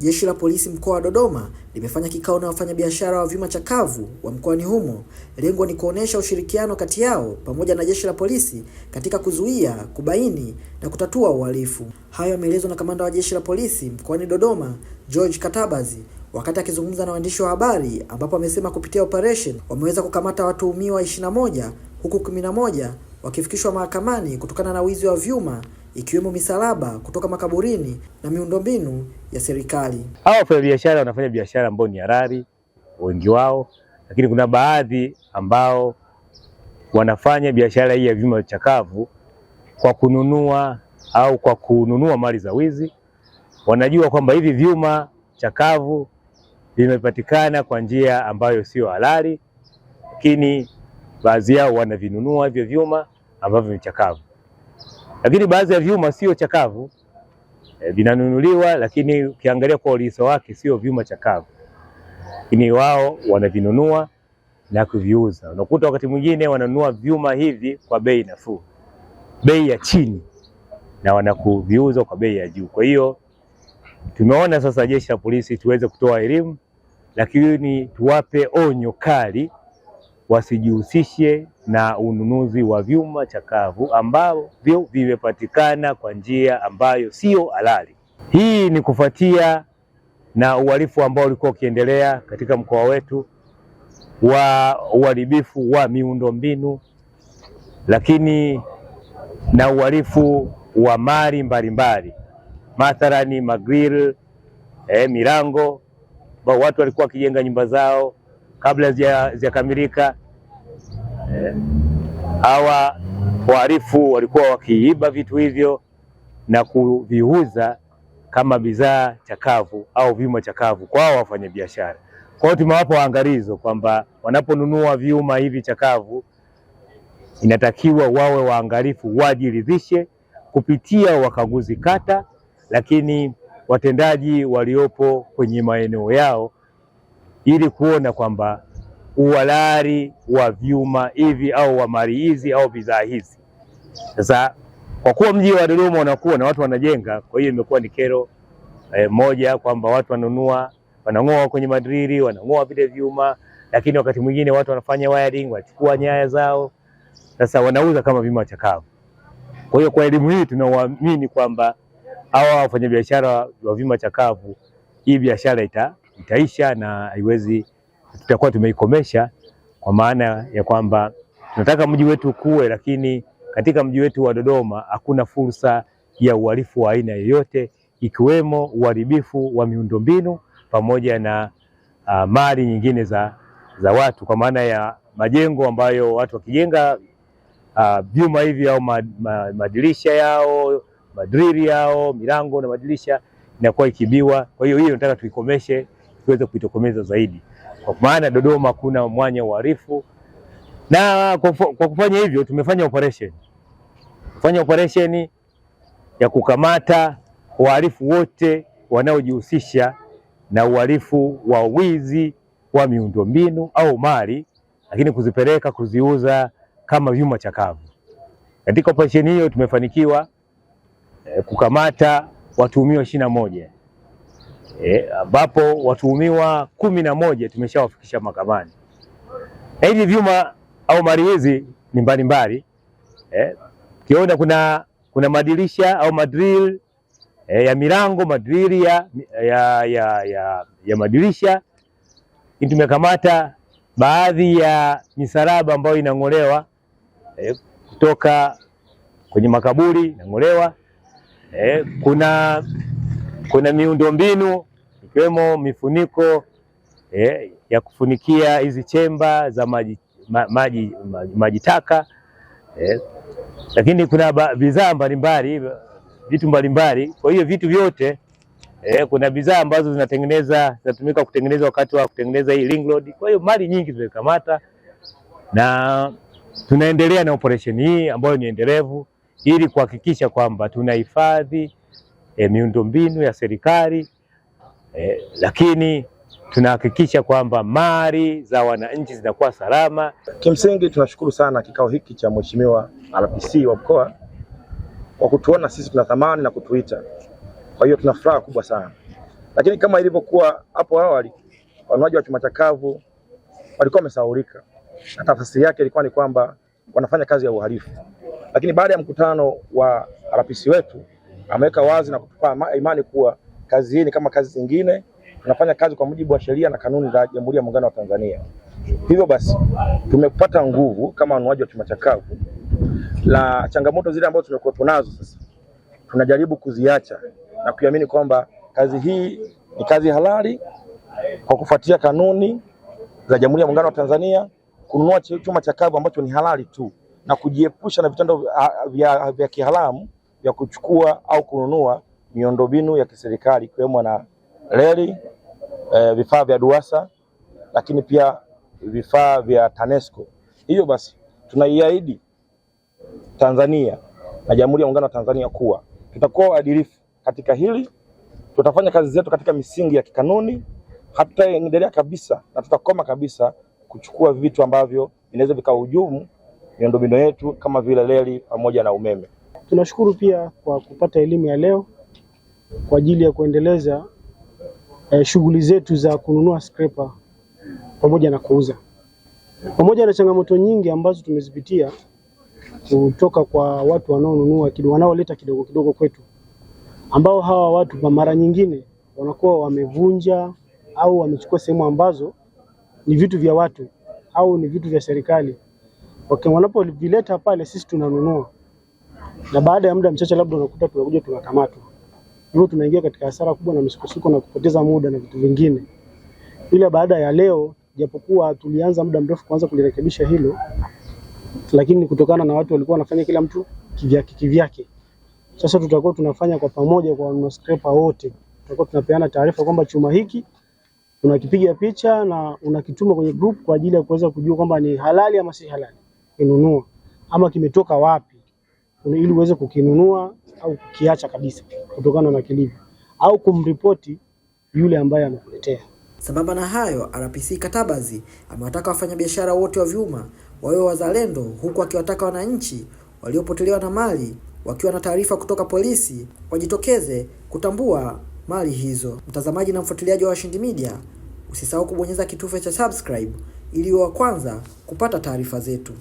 Jeshi la Polisi mkoa wa Dodoma limefanya kikao na wafanyabiashara wa vyuma chakavu wa mkoani humo. Lengo ni kuonesha ushirikiano kati yao pamoja na Jeshi la Polisi katika kuzuia, kubaini na kutatua uhalifu. Hayo yameelezwa na Kamanda wa Jeshi la Polisi mkoani Dodoma, George Katabazi wakati akizungumza na waandishi wa habari ambapo amesema kupitia operation wameweza kukamata watuhumiwa 21 huku 11 wakifikishwa mahakamani kutokana na wizi wa vyuma ikiwemo misalaba kutoka makaburini na miundombinu ya serikali. Hawa biashara wanafanya biashara ambayo ni harari wengi wao, lakini kuna baadhi ambao wanafanya biashara hii ya vyuma chakavu kwa kununua au kwa kununua mali za wizi. Wanajua kwamba hivi vyuma chakavu vimepatikana kwa njia ambayo sio halali, lakini baadhi yao wanavinunua hivyo vyuma ambavyo ni chakavu. Lakini baadhi ya vyuma sio chakavu e, vinanunuliwa, lakini ukiangalia kwa uliso wake sio vyuma chakavu, lakini wao wanavinunua na kuviuza. Unakuta wakati mwingine wananunua vyuma hivi kwa bei nafuu, bei ya chini, na wanakuviuza kwa bei ya juu. Kwa hiyo tumeona sasa jeshi la polisi tuweze kutoa elimu, lakini tuwape onyo kali wasijihusishe na ununuzi wa vyuma chakavu ambavyo vimepatikana kwa njia ambayo sio halali. Hii ni kufuatia na uhalifu ambao ulikuwa ukiendelea katika mkoa wetu wa uharibifu wa miundombinu, lakini na uhalifu wa mali mbalimbali, mathalani magril, eh, milango ambao watu walikuwa wakijenga nyumba zao kabla zijakamilika Eh, hawa wahalifu walikuwa wakiiba vitu hivyo na kuviuza kama bidhaa chakavu au vyuma chakavu kwa wafanya biashara Kwa hiyo tumewapa waangalizo kwamba wanaponunua vyuma hivi chakavu inatakiwa wawe waangalifu, wajiridhishe kupitia wakaguzi kata, lakini watendaji waliopo kwenye maeneo yao ili kuona kwamba uhalali wa vyuma hivi au wa mali hizi au bidhaa hizi. Sasa kwa kuwa mji wa Dodoma unakuwa na watu wanajenga, kwa hiyo imekuwa ni kero eh, moja kwamba watu wanunua wanang'oa kwenye madriri wanang'oa vile vyuma, lakini wakati mwingine watu wanafanya wiring, wachukua nyaya zao, sasa wanauza kama vyuma chakavu. Kwa hiyo kwa elimu hii tunaamini kwamba hawa wafanyabiashara wa vyuma chakavu, hii biashara ita, itaisha na haiwezi tutakuwa tumeikomesha kwa maana ya kwamba tunataka mji wetu kuwe, lakini katika mji wetu wa Dodoma hakuna fursa ya uhalifu wa aina yoyote, ikiwemo uharibifu wa miundombinu pamoja na uh, mali nyingine za, za watu kwa maana ya majengo ambayo watu wakijenga uh, vyuma uh, hivi au ma, madirisha yao madriri yao milango na madirisha inakuwa ikibiwa. Kwa hiyo hiyo nataka tuikomeshe tuweze kuitokomeza zaidi, kwa maana Dodoma kuna mwanya uharifu, na kwa, kufanya hivyo tumefanya operation fanya operesheni ya kukamata wahalifu wote wanaojihusisha na uhalifu wa wizi wa miundombinu au mali, lakini kuzipeleka kuziuza kama vyuma chakavu. Katika operesheni hiyo tumefanikiwa eh, kukamata watuhumiwa ishirini na moja. E, ambapo e, watuhumiwa kumi na moja tumeshawafikisha mahakamani na hivi vyuma au mali hizi ni mbalimbali e, kiona kuna, kuna madirisha au madril e, ya milango madrili ya, ya, ya, ya, ya madirisha. Tumekamata baadhi ya misalaba ambayo inang'olewa e, kutoka kwenye makaburi inang'olewa e, kuna kuna miundombinu ikiwemo mifuniko eh, ya kufunikia hizi chemba za maji, ma, maji, maji, maji taka eh, lakini kuna bidhaa mbalimbali vitu mbalimbali. Kwa hiyo vitu vyote eh, kuna bidhaa ambazo zinatengeneza zinatumika kutengeneza wakati wa kutengeneza hii ring road. Kwa hiyo mali nyingi zimekamata na tunaendelea na operation hii ambayo ni endelevu ili kuhakikisha kwamba tunahifadhi e, miundombinu ya serikali e, lakini tunahakikisha kwamba mali za wananchi zinakuwa salama. Kimsingi tunashukuru sana kikao hiki cha Mheshimiwa RPC wa mkoa kwa kutuona sisi tuna thamani na kutuita, kwa hiyo tuna furaha kubwa sana. Lakini kama ilivyokuwa hapo awali, wanuaji wa chuma chakavu walikuwa wamesahaulika, na tafsiri yake ilikuwa ni kwamba wanafanya kazi ya uhalifu. Lakini baada ya mkutano wa RPC wetu ameweka wazi na kutupa imani kuwa kazi hii ni kama kazi zingine, tunafanya kazi kwa mujibu wa sheria na kanuni za Jamhuri ya Muungano wa Tanzania. Hivyo basi tumepata nguvu kama wanuaji wa chuma chakavu, na changamoto zile ambazo tumekuwepo nazo sasa tunajaribu kuziacha na kuamini kwamba kazi hii ni kazi halali kwa kufuatia kanuni za Jamhuri ya Muungano wa Tanzania, kununua chuma chakavu ambacho ni halali tu na kujiepusha na vitendo vya, vya kiharamu ya kuchukua au kununua miundombinu ya kiserikali ikiwemo na reli e, vifaa vya DUWASA lakini pia vifaa vya TANESCO. Hivyo basi tunaiahidi Tanzania na Jamhuri ya Muungano wa Tanzania kuwa tutakuwa waadilifu katika hili, tutafanya kazi zetu katika misingi ya kikanuni, hatutaendelea kabisa na tutakoma kabisa kuchukua vitu ambavyo vinaweza vikahujumu miundombinu yetu kama vile reli pamoja na umeme. Tunashukuru pia kwa kupata elimu ya leo kwa ajili ya kuendeleza eh, shughuli zetu za kununua scraper pamoja na kuuza. Pamoja na changamoto nyingi ambazo tumezipitia kutoka kwa watu wanaonunua wanaoleta kidogo kidogo kwetu, ambao hawa watu kwa mara nyingine wanakuwa wamevunja au wamechukua sehemu ambazo ni vitu vya watu au ni vitu vya serikali. Okay, wanapovileta pale sisi tunanunua na baada ya muda mchache labda unakuta tunakuja tunakamatwa, hivyo tunaingia katika hasara kubwa na misukosuko na kupoteza muda na vitu vingine. Ila baada ya leo, japokuwa tulianza muda mrefu kwanza kulirekebisha hilo, lakini kutokana na watu walikuwa wanafanya kila mtu kivyake kivyake, sasa tutakuwa tunafanya kwa pamoja kwa scraper wote, tutakuwa tunapeana taarifa kwamba chuma hiki unakipiga picha na unakituma kwenye group kwa ajili ya kuweza kujua kwamba ni halali ama si halali kununua ama kimetoka wapi ili uweze kukinunua au kukiacha kabisa kutokana na kilivyo, au kumripoti yule ambaye amekuletea Sambamba na hayo, RPC Katabazi amewataka wafanyabiashara wote wa vyuma wawe wazalendo, huku akiwataka wananchi waliopotelewa na mali wakiwa na taarifa kutoka polisi wajitokeze kutambua mali hizo. Mtazamaji na mfuatiliaji wa Washindi Media, usisahau kubonyeza kitufe cha subscribe ili wa kwanza kupata taarifa zetu.